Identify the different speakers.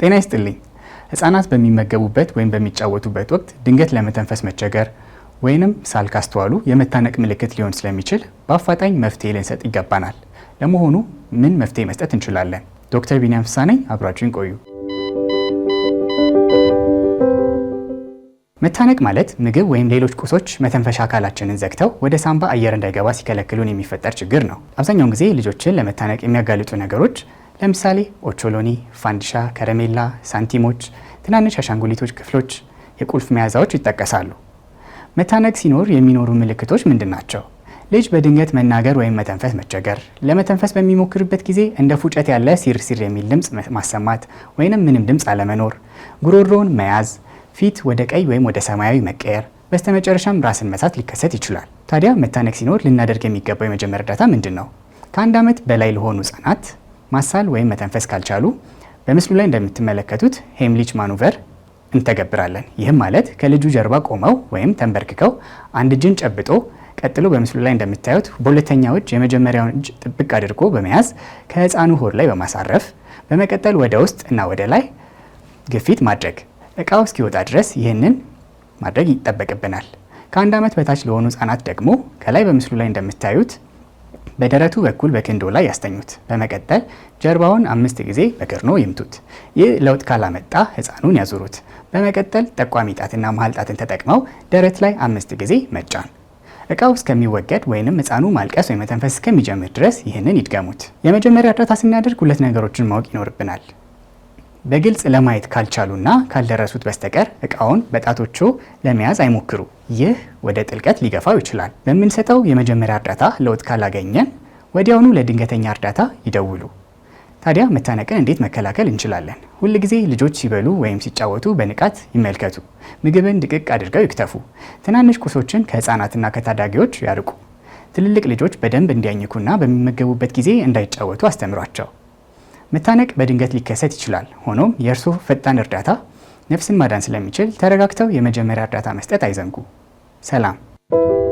Speaker 1: ጤና ይስጥልኝ። ህጻናት በሚመገቡበት ወይም በሚጫወቱበት ወቅት ድንገት ለመተንፈስ መቸገር ወይንም ሳል ካስተዋሉ የመታነቅ ምልክት ሊሆን ስለሚችል በአፋጣኝ መፍትሄ ልንሰጥ ይገባናል። ለመሆኑ ምን መፍትሄ መስጠት እንችላለን? ዶክተር ቢኒያም ፍሳነኝ አብራችሁን ቆዩ። መታነቅ ማለት ምግብ ወይም ሌሎች ቁሶች መተንፈሻ አካላችንን ዘግተው ወደ ሳንባ አየር እንዳይገባ ሲከለክሉን የሚፈጠር ችግር ነው። አብዛኛውን ጊዜ ልጆችን ለመታነቅ የሚያጋልጡ ነገሮች ለምሳሌ ኦቾሎኒ፣ ፋንዲሻ፣ ከረሜላ፣ ሳንቲሞች፣ ትናንሽ አሻንጉሊቶች ክፍሎች፣ የቁልፍ መያዛዎች ይጠቀሳሉ። መታነቅ ሲኖር የሚኖሩ ምልክቶች ምንድን ናቸው? ልጅ በድንገት መናገር ወይም መተንፈስ መቸገር፣ ለመተንፈስ በሚሞክርበት ጊዜ እንደ ፉጨት ያለ ሲር ሲር የሚል ድምፅ ማሰማት ወይንም ምንም ድምፅ አለመኖር፣ ጉሮሮውን መያዝ፣ ፊት ወደ ቀይ ወይም ወደ ሰማያዊ መቀየር፣ በስተመጨረሻም ራስን መሳት ሊከሰት ይችላል። ታዲያ መታነቅ ሲኖር ልናደርግ የሚገባው የመጀመር እርዳታ ምንድን ነው? ከአንድ ዓመት በላይ ለሆኑ ህጻናት ማሳል ወይም መተንፈስ ካልቻሉ በምስሉ ላይ እንደምትመለከቱት ሄምሊች ማኑቨር እንተገብራለን። ይህም ማለት ከልጁ ጀርባ ቆመው ወይም ተንበርክከው አንድ እጅን ጨብጦ ቀጥሎ በምስሉ ላይ እንደምታዩት በሁለተኛው እጅ የመጀመሪያውን እጅ ጥብቅ አድርጎ በመያዝ ከህፃኑ ሆድ ላይ በማሳረፍ በመቀጠል ወደ ውስጥ እና ወደ ላይ ግፊት ማድረግ እቃው እስኪወጣ ድረስ ይህንን ማድረግ ይጠበቅብናል። ከአንድ ዓመት በታች ለሆኑ ህጻናት ደግሞ ከላይ በምስሉ ላይ እንደምታዩት በደረቱ በኩል በክንዶ ላይ ያስተኙት። በመቀጠል ጀርባውን አምስት ጊዜ በቅርኖ ይምቱት። ይህ ለውጥ ካላመጣ ህፃኑን ያዙሩት። በመቀጠል ጠቋሚ ጣትና መሀል ጣትን ተጠቅመው ደረት ላይ አምስት ጊዜ መጫን። እቃው እስከሚወገድ ወይንም ህፃኑ ማልቀስ ወይም መተንፈስ እስከሚጀምር ድረስ ይህንን ይድገሙት። የመጀመሪያ እርዳታ ስናደርግ ሁለት ነገሮችን ማወቅ ይኖርብናል። በግልጽ ለማየት ካልቻሉና ካልደረሱት በስተቀር እቃውን በጣቶቹ ለመያዝ አይሞክሩ። ይህ ወደ ጥልቀት ሊገፋው ይችላል። በምንሰጠው የመጀመሪያ እርዳታ ለውጥ ካላገኘን ወዲያውኑ ለድንገተኛ እርዳታ ይደውሉ። ታዲያ መታነቅን እንዴት መከላከል እንችላለን? ሁል ጊዜ ልጆች ሲበሉ ወይም ሲጫወቱ በንቃት ይመልከቱ። ምግብን ድቅቅ አድርገው ይክተፉ። ትናንሽ ቁሶችን ከህፃናትና ከታዳጊዎች ያርቁ። ትልልቅ ልጆች በደንብ እንዲያኝኩና በሚመገቡበት ጊዜ እንዳይጫወቱ አስተምሯቸው። መታነቅ በድንገት ሊከሰት ይችላል። ሆኖም የእርስዎ ፈጣን እርዳታ ነፍስን ማዳን ስለሚችል ተረጋግተው የመጀመሪያ እርዳታ መስጠት አይዘንጉ። ሰላም